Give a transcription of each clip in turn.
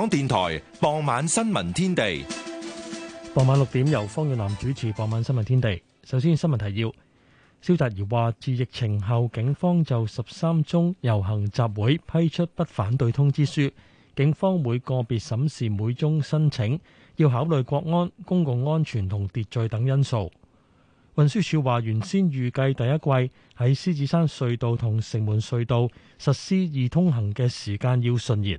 香港電台傍晚新聞天地，傍晚六點由方遠南主持。傍晚新聞天,天地，首先新聞提要：蕭澤頤話，自疫情後，警方就十三宗遊行集會批出不反對通知書，警方會個別審視每宗申請，要考慮國安、公共安全同秩序等因素。運輸署話，原先預計第一季喺獅子山隧道同城門隧道實施易通行嘅時間要順延。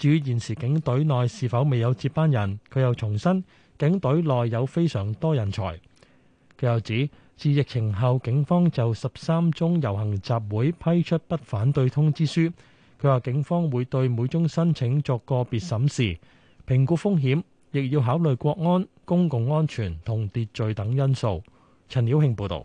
至於現時警隊內是否未有接班人，佢又重申警隊內有非常多人才。佢又指，自疫情後，警方就十三宗遊行集會批出不反對通知書。佢話，警方會對每宗申請作個別審視，評估風險，亦要考慮國安、公共安全同秩序等因素。陳曉慶報導。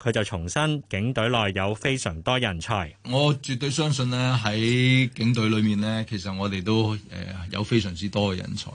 佢就重申，警隊內有非常多人才。我絕對相信咧，喺警隊裏面咧，其實我哋都誒有非常之多嘅人才。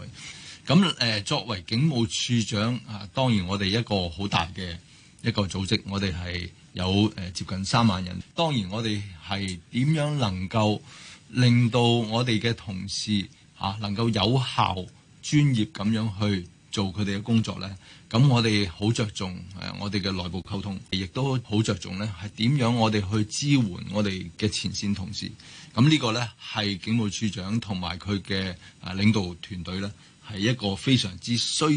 咁誒作為警務處長啊，當然我哋一個好大嘅一個組織，我哋係有誒接近三萬人。當然我哋係點樣能夠令到我哋嘅同事啊能夠有效專業咁樣去。做佢哋嘅工作咧，咁我哋好着重，誒，我哋嘅內部溝通，亦都好着重咧，係點樣我哋去支援我哋嘅前線同事。咁呢個咧係警務處長同埋佢嘅領導團隊咧，係一個非常之需要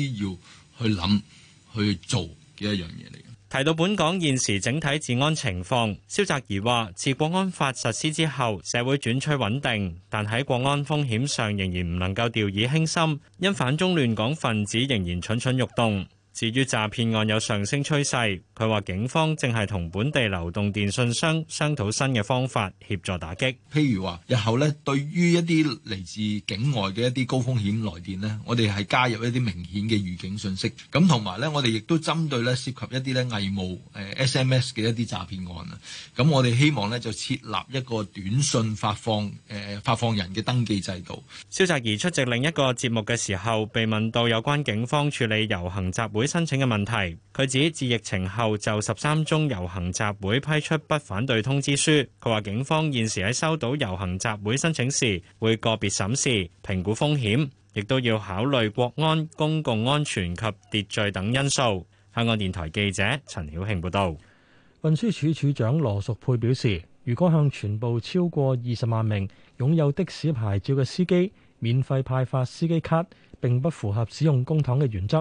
去諗去做嘅一樣嘢嚟嘅。提到本港現時整體治安情況，肖澤怡話自《國安法》實施之後社會轉趨穩定，但喺國安風險上仍然唔能夠掉以輕心，因反中亂港分子仍然蠢蠢欲動，至於詐騙案有上升趨勢。佢話警方正係同本地流動電信商商討新嘅方法協助打擊，譬如話日後咧，對於一啲嚟自境外嘅一啲高風險來電咧，我哋係加入一啲明顯嘅預警信息。咁同埋咧，我哋亦都針對咧涉及一啲咧偽冒誒、呃、SMS 嘅一啲詐騙案啊。咁我哋希望咧，就設立一個短信發放誒、呃、發放人嘅登記制度。蕭澤頤出席另一個節目嘅時候，被問到有關警方處理遊行集會申請嘅問題，佢指自疫情後。就十三宗遊行集會批出不反對通知書，佢話警方現時喺收到遊行集會申請時會個別審視評估風險，亦都要考慮國安、公共安全及秩序等因素。香港電台記者陳曉慶報道。運輸署署長羅淑佩表示，如果向全部超過二十萬名擁有的士牌照嘅司機免費派發司機卡，並不符合使用公帑嘅原則，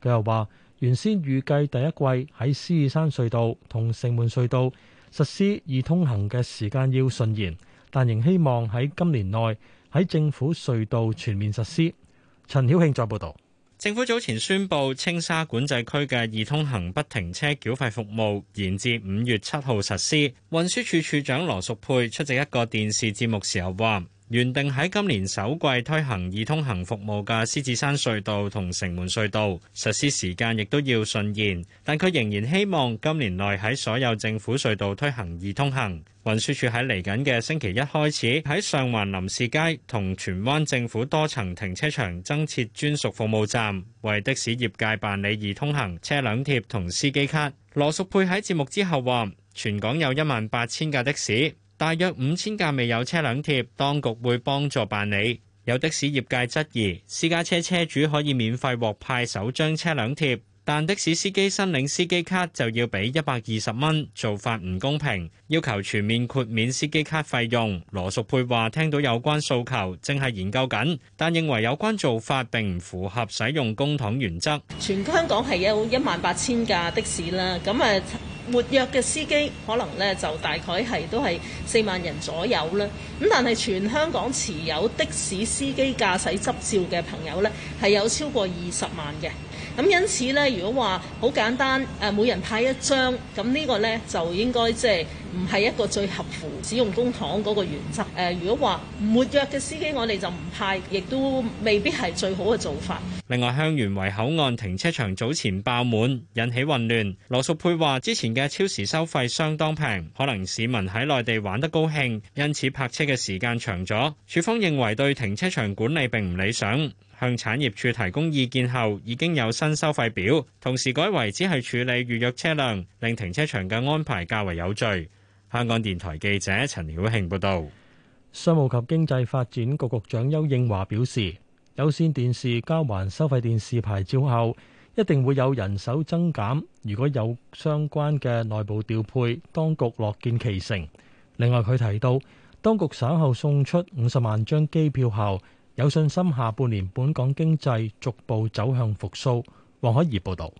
佢又話。原先預計第一季喺獅子山隧道同城門隧道實施易通行嘅時間要順延，但仍希望喺今年內喺政府隧道全面實施。陳曉慶再報道，政府早前宣布青沙管制區嘅易通行不停車繳費服務延至五月七號實施。運輸署署長羅淑佩出席一個電視節目時候話。原定喺今年首季推行易通行服務嘅獅子山隧道同城門隧道實施時間亦都要順延，但佢仍然希望今年內喺所有政府隧道推行易通行。運輸署喺嚟緊嘅星期一開始喺上環林士街同荃灣政府多層停車場增設專屬服務站，為的士業界辦理易通行車輛貼同司機卡。羅淑佩喺節目之後話全港有一萬八千架的士。大約五千架未有車輛貼，當局會幫助辦理。有的士業界質疑私家車車主可以免費獲派首張車輛貼，但的士司機申領司機卡就要俾一百二十蚊，做法唔公平。要求全面豁免司機卡費用。羅淑佩話聽到有關訴求，正係研究緊，但認為有關做法並唔符合使用公帑原則。全香港係有一萬八千架的士啦，咁啊。活躍嘅司機可能咧就大概係都係四萬人左右啦，咁但係全香港持有的士司機駕駛執照嘅朋友咧係有超過二十萬嘅。咁因此咧，如果話好簡單，誒每人派一張，咁呢個呢，就應該即係唔係一個最合乎使用公帑嗰個原則。誒如果話沒約嘅司機，我哋就唔派，亦都未必係最好嘅做法。另外，香園圍口岸停車場早前爆滿，引起混亂。羅淑佩話：之前嘅超時收費相當平，可能市民喺內地玩得高興，因此泊車嘅時間長咗。署方認為對停車場管理並唔理想。向產業處提供意見後，已經有新收費表，同時改為只係處理預約車輛，令停車場嘅安排較為有序。香港電台記者陳曉慶報導。商務及經濟發展局局長邱應華表示，有線電視交還收費電視牌照後，一定會有人手增減。如果有相關嘅內部調配，當局樂見其成。另外，佢提到，當局稍後送出五十萬張機票後，有信心下半年本港經濟逐步走向復甦。黃海怡報導。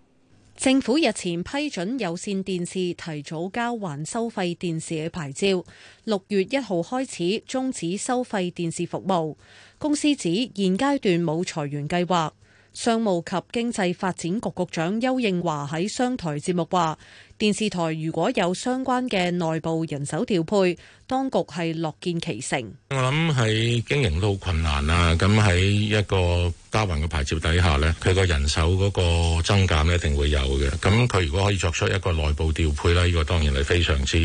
政府日前批准有線電視提早交還收費電視嘅牌照，六月一號開始終止收費電視服務。公司指現階段冇裁員計劃。商務及經濟發展局局長邱應華喺商台節目話。電視台如果有相關嘅內部人手調配，當局係樂見其成。我諗喺經營都好困難啊，咁喺一個加運嘅牌照底下咧，佢個人手嗰個增減咧一定會有嘅。咁佢如果可以作出一個內部調配啦，呢個當然係非常之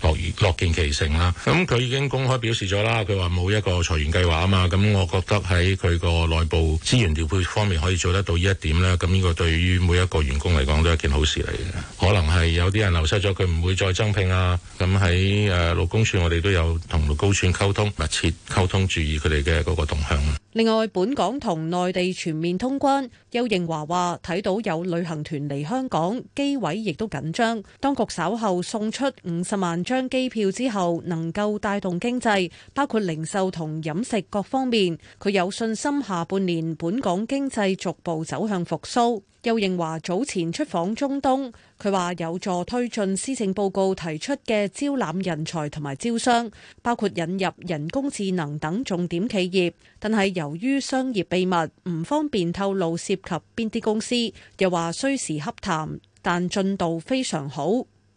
樂樂見其成啦。咁佢已經公開表示咗啦，佢話冇一個裁員計劃啊嘛。咁我覺得喺佢個內部資源調配方面可以做得到呢一點咧，咁呢個對於每一個員工嚟講都係一件好事嚟嘅，可能係。有啲人流失咗，佢唔會再增聘啊。咁喺誒勞工處，我哋都有同勞工處溝通密切溝通，注意佢哋嘅嗰個動向。另外，本港同內地全面通關，邱應華話睇到有旅行團嚟香港，機位亦都緊張。當局稍後送出五十萬張機票之後，能夠帶動經濟，包括零售同飲食各方面。佢有信心下半年本港經濟逐步走向復甦。邱應華早前出訪中東。佢話有助推進施政報告提出嘅招攬人才同埋招商，包括引入人工智能等重點企業。但係由於商業秘密唔方便透露，涉及邊啲公司，又話需時洽談，但進度非常好。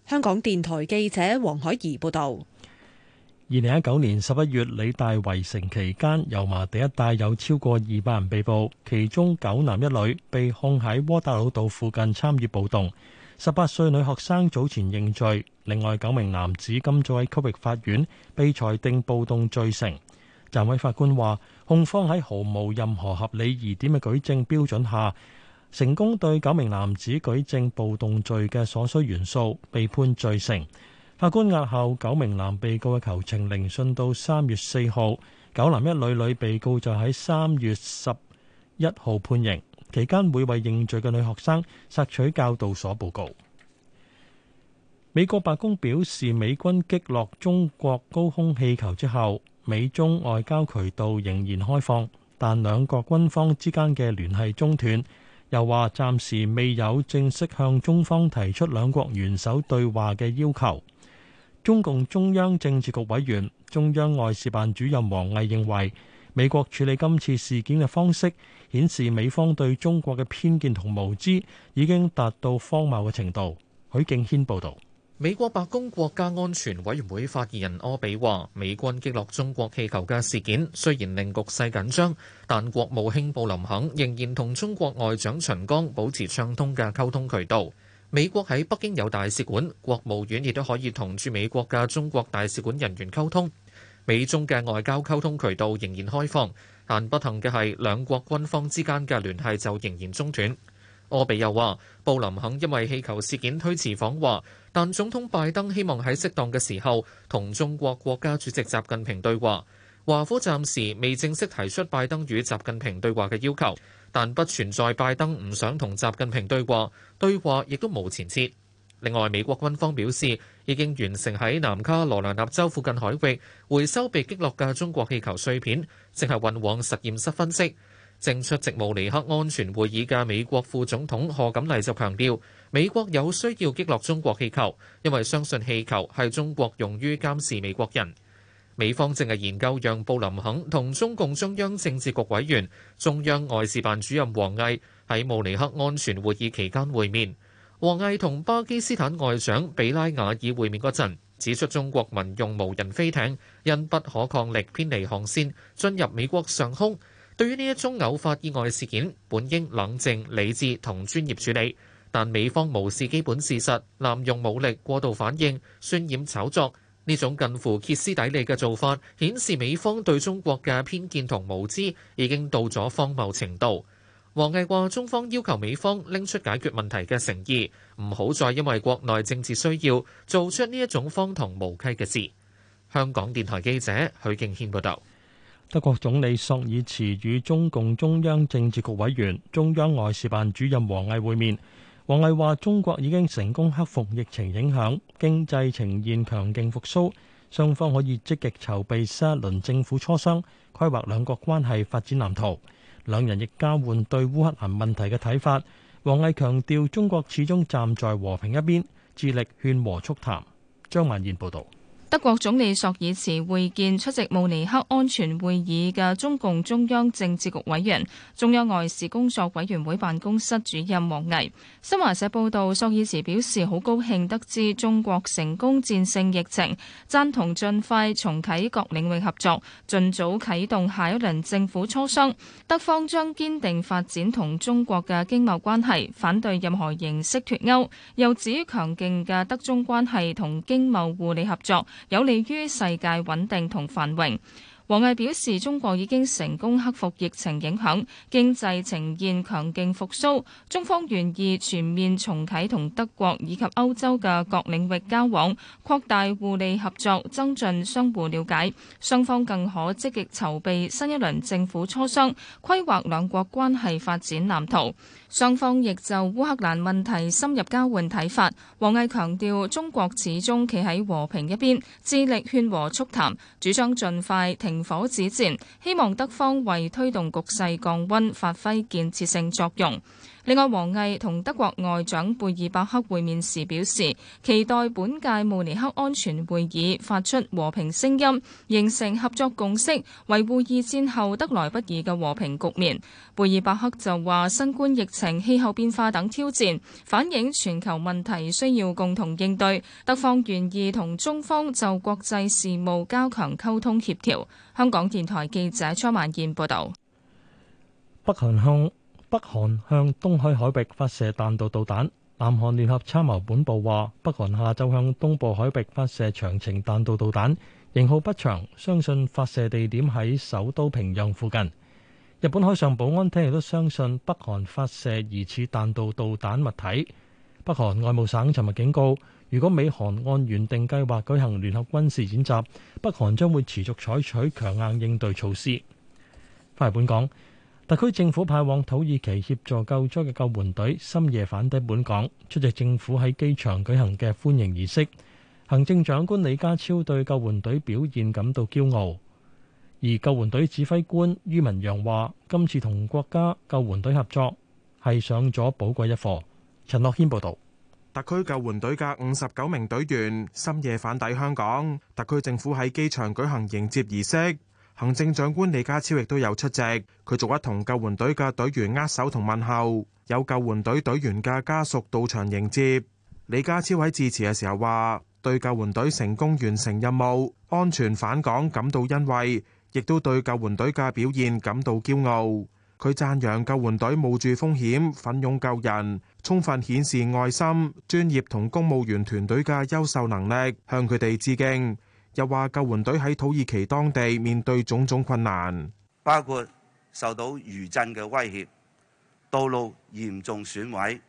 香港電台記者黃海怡報導。二零一九年十一月，理大圍城期間，油麻地一帶有超過二百人被捕，其中九男一女被控喺窩打老道附近參與暴動。十八歲女學生早前認罪，另外九名男子今早喺區域法院被裁定暴動罪成。暫委法官話，控方喺毫無任何合理疑點嘅舉證標準下，成功對九名男子舉證暴動罪嘅所需元素，被判罪成。法官押後九名男被告嘅求情聆訊到三月四號，九男一女女被告就喺三月十一號判刑。期間每位認罪嘅女學生索取教導所報告。美國白宮表示，美軍擊落中國高空氣球之後，美中外交渠道仍然開放，但兩國軍方之間嘅聯繫中斷。又話暫時未有正式向中方提出兩國元首對話嘅要求。中共中央政治局委員、中央外事辦主任王毅認為，美國處理今次事件嘅方式，顯示美方對中國嘅偏見同無知已經達到荒謬嘅程度。許敬軒報導。美國白宮國家安全委員會發言人柯比話：美軍擊落中國氣球嘅事件雖然令局勢緊張，但國務卿布林肯仍然同中國外長秦剛保持暢通嘅溝通渠道。美國喺北京有大使館，國務院亦都可以同駐美國嘅中國大使館人員溝通。美中嘅外交溝通渠道仍然開放，但不幸嘅係兩國軍方之間嘅聯繫就仍然中斷。柯比又話，布林肯因為氣球事件推遲訪華，但總統拜登希望喺適當嘅時候同中國國家主席習近平對話。華府暫時未正式提出拜登與習近平對話嘅要求，但不存在拜登唔想同習近平對話，對話亦都冇前設。另外，美國軍方表示已經完成喺南卡羅來納州附近海域回收被擊落嘅中國氣球碎片，正係運往實驗室分析。正出席慕尼克安全會議嘅美國副總統賀錦麗就強調，美國有需要擊落中國氣球，因為相信氣球係中國用於監視美國人。美方正係研究讓布林肯同中共中央政治局委員、中央外事辦主任王毅喺慕尼克安全會議期間會面。王毅同巴基斯坦外長比拉瓦爾會面嗰陣，指出中國民用無人飛艇因不可抗力偏離航線進入美國上空。對於呢一宗偶發意外事件，本應冷靜、理智同專業處理，但美方無視基本事實，濫用武力、過度反應、渲染炒作，呢種近乎歇斯底里嘅做法，顯示美方對中國嘅偏見同無知已經到咗荒謬程度。王毅話：中方要求美方拎出解決問題嘅誠意，唔好再因為國內政治需要做出呢一種荒唐無稽嘅事。香港電台記者許敬軒報導。德國總理索爾茨與中共中央政治局委員、中央外事辦主任王毅會面。王毅話：中國已經成功克服疫情影響，經濟呈現強勁復甦，雙方可以積極籌備新一輪政府磋商，規劃兩國關係發展藍圖。兩人亦交換對烏克蘭問題嘅睇法。王毅強調，中國始終站在和平一邊，致力勸和促談。張萬燕報導。德國總理朔爾茨會見出席慕尼黑安全會議嘅中共中央政治局委員、中央外事工作委員會辦公室主任王毅。新華社報道，朔爾茨表示好高興得知中國成功戰勝疫情，贊同盡快重啟各領域合作，盡早啟動下一輪政府磋商。德方將堅定發展同中國嘅經貿關係，反對任何形式脱鈎，又指強勁嘅德中關係同經貿互利合作。有利於世界穩定同繁榮。王毅表示，中國已經成功克服疫情影響，經濟呈現強勁復甦，中方願意全面重啟同德國以及歐洲嘅各領域交往，擴大互利合作，增進相互了解。雙方更可積極籌備新一輪政府磋商，規劃兩國關係發展藍圖。雙方亦就烏克蘭問題深入交換睇法。王毅強調，中國始終企喺和平一邊，致力勸和促談，主張盡快停火止戰，希望德方為推動局勢降温發揮建設性作用。另外，王毅同德國外長貝爾伯克會面時表示，期待本屆慕尼黑安全會議發出和平聲音，形成合作共識，維護二戰後得來不易嘅和平局面。貝爾伯克就話新冠疫情氣候變化等挑戰反映全球問題需要共同應對，德方願意同中方就國際事務加強溝通協調，香港電台記者張萬燕報道。北韓空。北韓向東海海域發射彈道導彈，南韓聯合參謀本部話，北韓下晝向東部海域發射長程彈道導彈，型號不詳，相信發射地點喺首都平壤附近。日本海上保安廳亦都相信北韓發射疑似彈道導彈物體。北韓外務省尋日警告，如果美韓按原定計劃舉行聯合軍事演習，北韓將會持續採取強硬應對措施。翻嚟本港。特區政府派往土耳其協助救災嘅救援隊深夜返抵本港，出席政府喺機場舉行嘅歡迎儀式。行政長官李家超對救援隊表現感到驕傲，而救援隊指揮官于文陽話：今次同國家救援隊合作係上咗寶貴一課。陳樂謙報道，特區救援隊嘅五十九名隊員深夜返抵香港，特區政府喺機場舉行迎接儀式。行政長官李家超亦都有出席，佢逐一同救援隊嘅隊員握手同問候，有救援隊隊員嘅家屬到場迎接。李家超喺致辭嘅時候話，對救援隊成功完成任務、安全返港感到欣慰，亦都對救援隊嘅表現感到驕傲。佢讚揚救援隊冒住風險、奮勇救人，充分顯示愛心、專業同公務員團隊嘅優秀能力，向佢哋致敬。又話救援隊喺土耳其當地面對種種困難，包括受到餘震嘅威脅，道路嚴重損毀，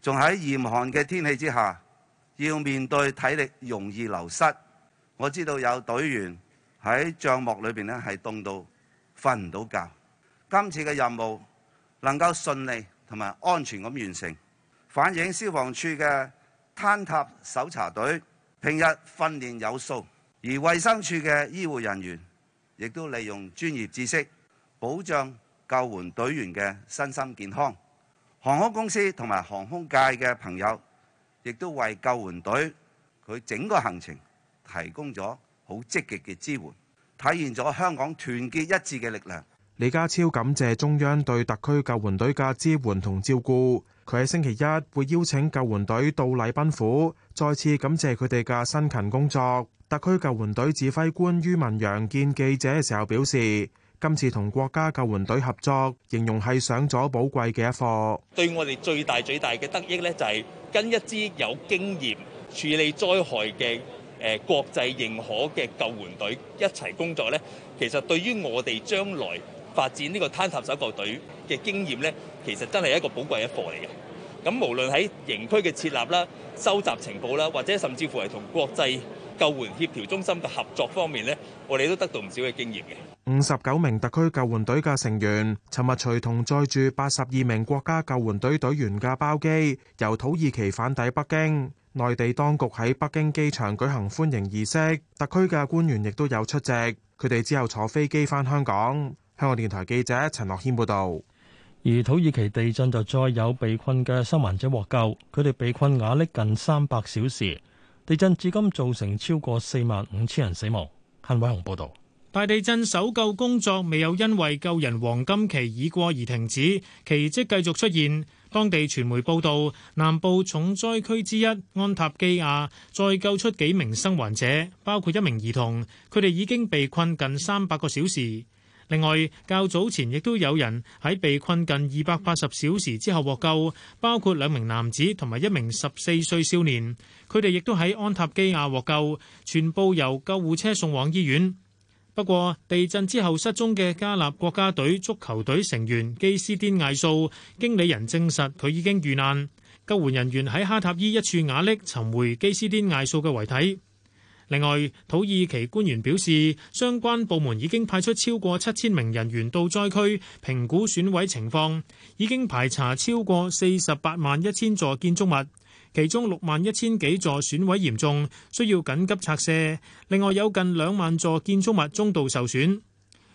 仲喺嚴寒嘅天氣之下，要面對體力容易流失。我知道有隊員喺帳幕裏邊咧係凍到瞓唔到覺。今次嘅任務能夠順利同埋安全咁完成，反映消防處嘅坍塌搜查隊平日訓練有素。而衛生署嘅醫護人員亦都利用專業知識保障救援隊員嘅身心健康。航空公司同埋航空界嘅朋友亦都為救援隊佢整個行程提供咗好積極嘅支援，體現咗香港團結一致嘅力量。李家超感謝中央對特區救援隊嘅支援同照顧。佢喺星期一會邀請救援隊到禮賓府，再次感謝佢哋嘅辛勤工作。特區救援隊指揮官于文陽見記者嘅時候表示，今次同國家救援隊合作，形容係上咗寶貴嘅一課。對我哋最大最大嘅得益咧，就係跟一支有經驗處理災害嘅誒國際認可嘅救援隊一齊工作咧。其實對於我哋將來發展呢個坍塌搜救隊嘅經驗咧，其實真係一個寶貴嘅課嚟嘅，咁無論喺營區嘅設立啦、收集情報啦，或者甚至乎係同國際救援協調中心嘅合作方面咧，我哋都得到唔少嘅經驗嘅。五十九名特區救援隊嘅成員，尋日隨同載住八十二名國家救援隊隊員嘅包機，由土耳其返抵北京。內地當局喺北京機場舉行歡迎儀式，特區嘅官員亦都有出席。佢哋之後坐飛機返香港。香港電台記者陳樂謙報導。而土耳其地震就再有被困嘅生還者獲救，佢哋被困瓦礫近三百小時，地震至今造成超過四萬五千人死亡。幸偉雄報道。大地震搜救工作未有因為救人黃金期已過而停止，奇蹟繼續出現，當地傳媒報道，南部重災區之一安塔基亞再救出幾名生還者，包括一名兒童，佢哋已經被困近三百個小時。另外，較早前亦都有人喺被困近二百八十小時之後獲救，包括兩名男子同埋一名十四歲少年，佢哋亦都喺安塔基亞獲救，全部由救護車送往醫院。不過，地震之後失蹤嘅加納國家隊足球隊成員基斯甸艾素，經理人證實佢已經遇難。救援人員喺哈塔伊一處瓦礫尋回基斯甸艾素嘅遺體。另外，土耳其官員表示，相關部門已經派出超過七千名人員到災區評估損毀情況，已經排查超過四十八萬一千座建築物，其中六萬一千幾座損毀嚴重，需要緊急拆卸。另外，有近兩萬座建築物中度受損。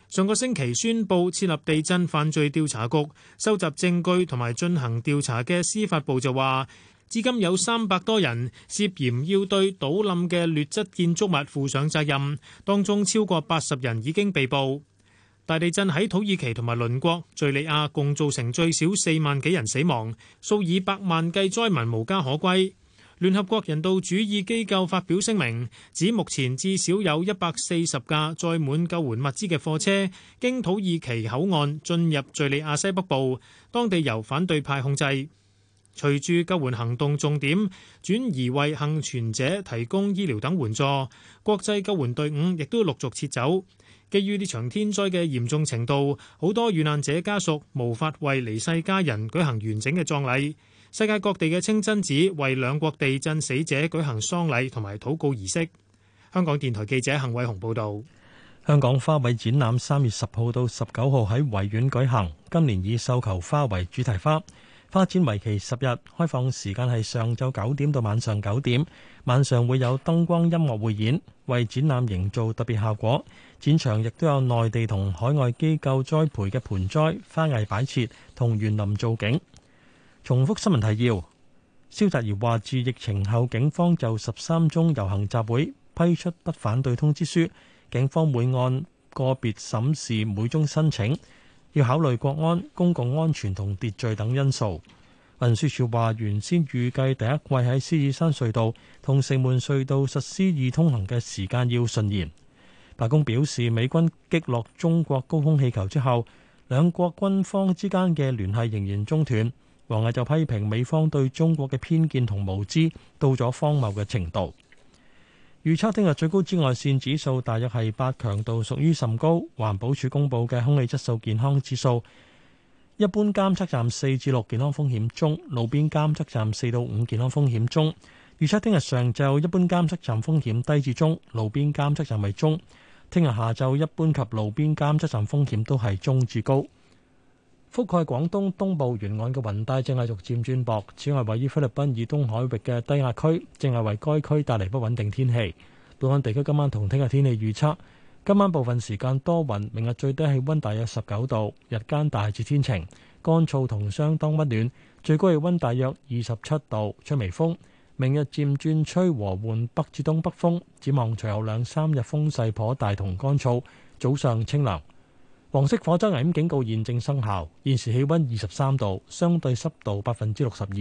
上個星期宣布設立地震犯罪調查局，收集證據同埋進行調查嘅司法部就話。至今有三百多人涉嫌要對倒冧嘅劣質建築物負上責任，當中超過八十人已經被捕。大地震喺土耳其同埋鄰國敘利亞共造成最少四萬幾人死亡，數以百萬計災民無家可歸。聯合國人道主義機構發表聲明，指目前至少有一百四十架載滿救援物資嘅貨車經土耳其口岸進入敘利亞西北部，當地由反對派控制。隨住救援行動重點轉移，為幸存者提供醫療等援助，國際救援隊伍亦都陸續撤走。基於呢場天災嘅嚴重程度，好多遇難者家屬無法為離世家人舉行完整嘅葬禮。世界各地嘅清真寺為兩國地震死者舉行喪禮同埋禱告儀式。香港電台記者幸偉雄報導。香港花卉展覽三月十號到十九號喺維園舉行，今年以繡球花為主題花。花展為期十日，開放時間係上晝九點到晚上九點，晚上會有燈光音樂會演，為展覽營造特別效果。展場亦都有內地同海外機構栽培嘅盆栽、花藝擺設同園林造景。重複新聞提要，蕭澤頤話：自疫情後，警方就十三宗遊行集會批出不反對通知書，警方會按個別審視每宗申請。要考慮國安、公共安全同秩序等因素。運輸署話，原先預計第一季喺獅子山隧道同城門隧道實施易通行嘅時間要順延。白宮表示，美軍擊落中國高空氣球之後，兩國軍方之間嘅聯繫仍然中斷。王毅就批評美方對中國嘅偏見同無知到咗荒謬嘅程度。預測聽日最高紫外線指數大約係八，強度屬於甚高。環保署公布嘅空氣質素健康指數，一般監測站四至六，健康風險中；路邊監測站四到五，健康風險中。預測聽日上晝一般監測站風險低至中，路邊監測站為中。聽日下晝一般及路邊監測站風險都係中至高。覆蓋廣東東部沿岸嘅雲帶正係逐漸轉薄。此外，位於菲律賓以東海域嘅低壓區，正係為該區帶嚟不穩定天氣。本港地區今晚同聽日天氣預測：今晚部分時間多雲，明日最低氣溫大約十九度，日間大致天晴，乾燥同相當溫暖，最高氣溫大約二十七度，吹微風。明日漸轉吹和緩北至東北風，展望隨後兩三日風勢頗大同乾燥，早上清涼。黃色火災危險警告現正生效，現時氣溫二十三度，相對濕度百分之六十二。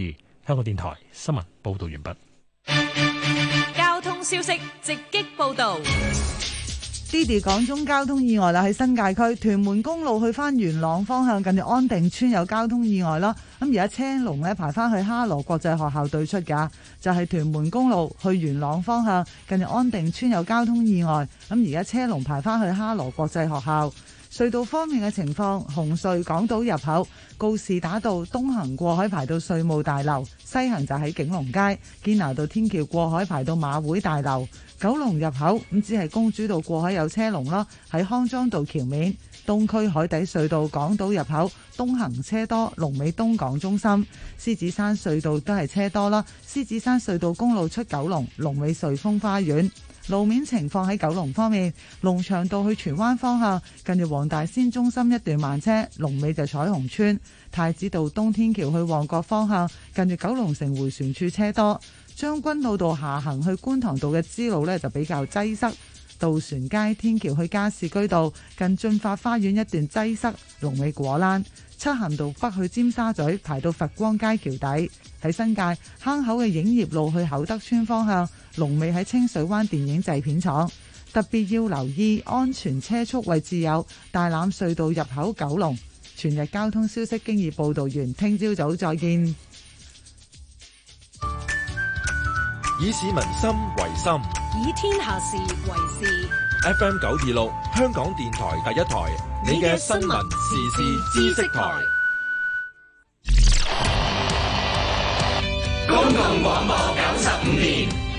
香港電台新聞報道完畢。交通消息直擊報道 d i d y 港中交通意外啦！喺新界區屯門公路去翻元朗方向，近住安定村有交通意外啦。咁而家車龍咧排翻去哈羅國際學校對出噶，就係屯門公路去元朗方向，近住安定村有交通意外。咁而家車龍排翻去哈羅國際學校。隧道方面嘅情況，紅隧港島入口告士打道東行過海排到稅務大樓，西行就喺景隆街堅拿道天橋過海排到馬會大樓。九龍入口咁只係公主道過海有車龍啦，喺康莊道橋面東區海底隧道港島入口東行車多，龍尾東港中心獅子山隧道都係車多啦。獅子山隧道公路出九龍龍尾瑞峰花園。路面情況喺九龍方面，龍翔道去荃灣方向近住黃大仙中心一段慢車，龍尾就彩虹村太子道東天橋去旺角方向近住九龍城迴旋處車多，將軍澳道下行去觀塘道嘅支路呢，就比較擠塞，渡船街天橋去加士居道近進發花園一段擠塞，龍尾果欄，漆咸道北去尖沙咀排到佛光街橋底喺新界坑口嘅影業路去厚德村方向。龍尾喺清水灣電影製片廠，特別要留意安全車速位置有大欖隧道入口、九龍。全日交通消息，經已報道完，聽朝早再見。以市民心為心，以天下事為事。FM 九二六，香港電台第一台，你嘅新聞時事知識台。公共廣播九十五年。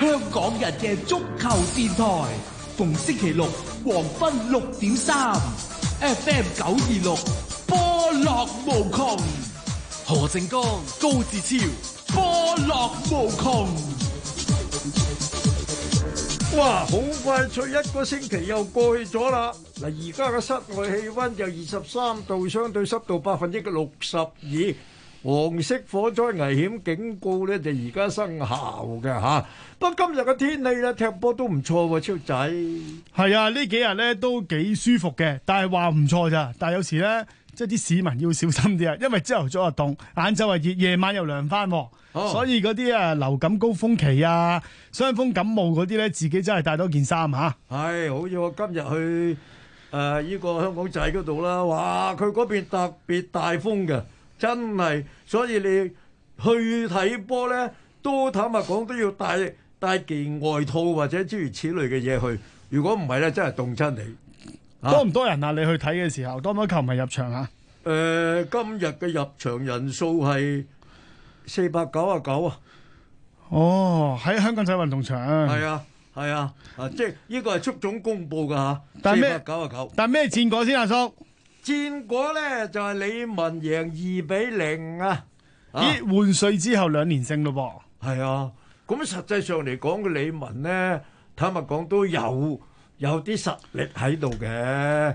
香港人嘅足球電台，逢星期六黃昏六點三，FM 九二六，波落無窮。何正剛、高志超，波落無窮。哇，好快脆，一個星期又過去咗啦。嗱，而家嘅室外氣溫就二十三度，相對濕度百分之嘅六十二。黃色火災危險警告咧，就而家生效嘅吓。不、啊、過今日嘅天氣咧，踢波都唔錯、啊，超仔。係啊，呢幾日咧都幾舒服嘅，但係話唔錯咋。但係有時咧，即係啲市民要小心啲啊，因為朝頭早啊凍，晏晝啊熱，夜晚又涼翻，哦、所以嗰啲啊流感高峰期啊，傷風感冒嗰啲咧，自己真係帶多件衫吓、啊。係、哎，好似我今日去誒呢、呃呢個香港仔嗰度啦，哇，佢嗰邊特別大風嘅。真係，所以你去睇波咧，都坦白講都要帶帶件外套或者諸如此類嘅嘢去。如果唔係咧，真係凍親你。多唔多人啊？啊你去睇嘅時候，多唔多球迷入場啊？誒、呃，今日嘅入場人數係四百九啊九啊。哦，喺香港仔運動場。係啊，係啊，啊，即係呢個係速總公佈㗎、啊、但四百九啊九。但咩戰果先啊，叔？戰果咧就係李文贏二比零啊！換帥之後兩連勝咯噃。係啊，咁實際上嚟講，個李文咧，坦白講都有有啲實力喺度嘅。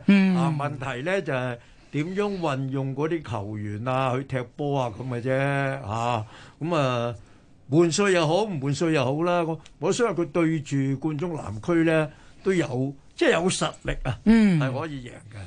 嗯。啊，問題咧就係點樣運用嗰啲球員啊去踢波啊咁嘅啫嚇。咁啊，換帥又好唔換帥又好啦。我我相信佢對住冠忠南區咧都有即係有實力啊。嗯。係可以贏嘅。